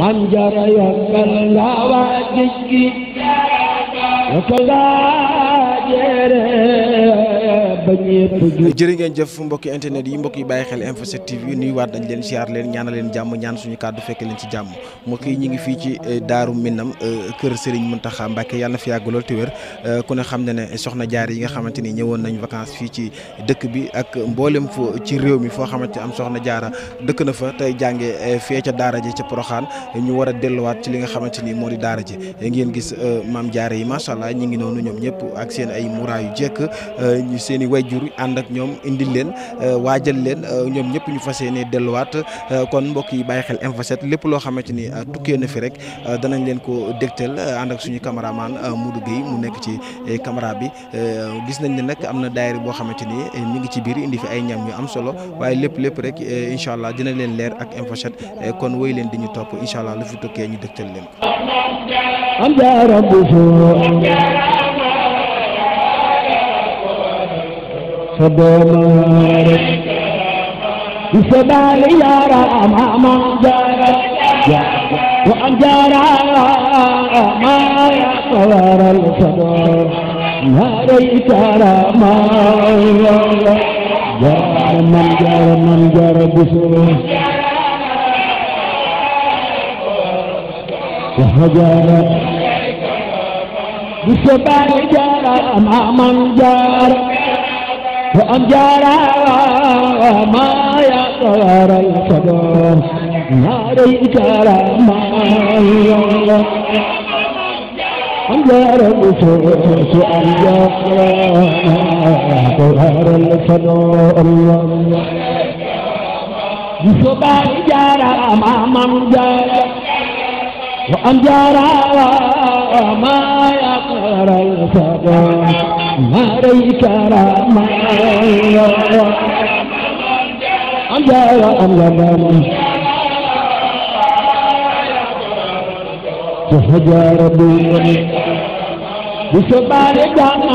man jara yokkal nga waa géej gi yokkal nga jere jërë ngeen jëf mbokki internet yi mbokk yi bàyyi xel Info 7 TV waat nañ leen siyaar leen ñaanal leen jàmm ñaan suñu kàddu fekk leen ci jàmm mbokk yi ñu ngi fii ci eh, Daaru Minam eh, kër Serigne Mountakha Mbacké yàlla fi yàgg lool te wér eh, ku xam ne ne soxna jaar yi nga xamante ni ñëwoon nañ vacances fii ci dëkk bi ak mboolem fu ci réew mi foo xamante am soxna jaara dëkk na fa tey jànge fee ca daara ji ca Poroxaan ñu war a delluwaat ci li nga xamante ni moo di daara ji ngeen gis maam jaara yi macha allah ñu ngi noonu ñoom ñëpp ak seen ay muraay yu jekk way wayjur ànd ak ñoom indi leen euh, waajal leen euh, ñoom ñëpp ñu fas yéene delluwaat euh, kon mbokk yi bàyyi xel Info lépp loo xamante ni tukkee na fi rek danañ leen ko dégtal ànd ak suñu caméraman Modou Gueye mu nekk ci caméra bi gis nañ ne nag am na daayira boo xamante ni mi ngi ci biir indi fi ay ñam ñu am solo waaye lépp lépp rek incha allah dina leen leer ak Info 7 kon woy leen di ñu topp incha allah lu fi tukkee ñu dégtal leen ko. فدومارك بسبال يارا ما جارا وأن جارا ما يصور الفدور ناري تارا ما جارا من جارا من جارا بسوره وهجارا بسبال جارا ما من جارا وأم جارا ما يقر الكبر عليك لما يقر أم جارا بسوس أم جارا ما يقر الكبر بسوبان جارا ما من جارا وأم جارا ما يقر الكبر عليك رحمة أمجا وأملمن تهجى ربي بسبارك